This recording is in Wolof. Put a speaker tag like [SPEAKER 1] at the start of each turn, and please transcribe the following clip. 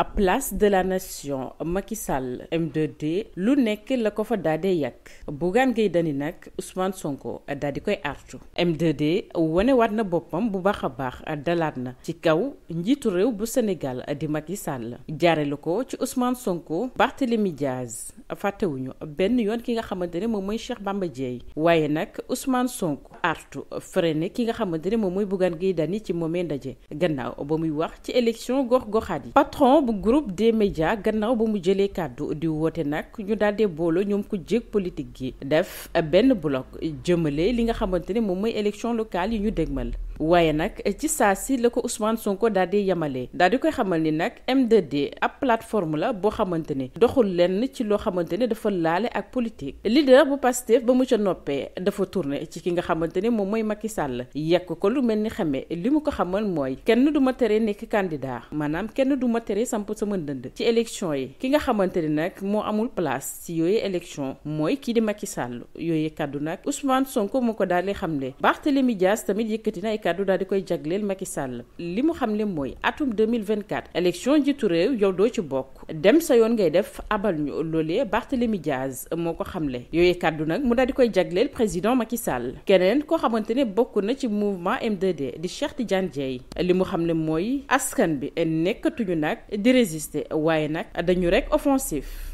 [SPEAKER 1] à place de la nation Macky Sall md lu nekk la ko fa daadee yàq Bougane Gueye Dany nag Ousmane Sonko daal di koy artu m 2 waat na boppam bu baax a baax dalaat na ci kaw njiitu réew bu Sénégal di Macky Sall jaarale ko ci Ousmane Sonko Barthélémy Diaz fàttewuñu benn yoon ki nga xamante ne moom mooy Cheikh Bamba Dièye waaye nag Ousmane Sonko artu freiné ki nga xamante ne moom mooy Bougane Gueye Dany ci moomee ndaje gannaaw ba muy wax ci élection gox goxaat bu group des médias gannaaw ba mu jëlee kàddu di woote nag ñu daaldee boolo ñoom ko jég politique gi def benn bloc jëmale li nga xamante ne moom mooy élection locale yi ñu dégmal waaye nag ci saa si la ko Ousmane Sonko daal di yemale daal di koy xamal ni nag m 2 plateforme la boo xamante ni doxul lenn ci loo xamante ni dafa laale ak politique leader bu Pastef ba mu ca noppee dafa tourné ci ki nga xamante ni moom mooy Macky Sall yekk ko lu mel ni xamee li mu ko xamal mooy kenn du ma tere nekk candidat maanaam kenn du ma samp sama ndënd ci élection yi ki nga xamante ni nag moo amul place ci yooyu élection mooy kii di Macky Sall yooyu kaddu nag Ousmane Sonko moo ko daal di xamle Barthélémy Dias tamit yëkkati na ay kàddu koy jagleel Macky Sall li mu xam le mooy atum 2024 élection njiitu réew yow doo ci bokk dem sa yoon ngay def abal ñu loolee Barthélemy Diaz moo ko xamle yooyu kàddu nag mu daal di koy jagleel président Macky Sall keneen koo xamante ne bokk na ci mouvement M2D di Cheikh Tidiane li mu xam le mooy askan bi nekkatuñu nag di résister waaye nag dañu rek offensif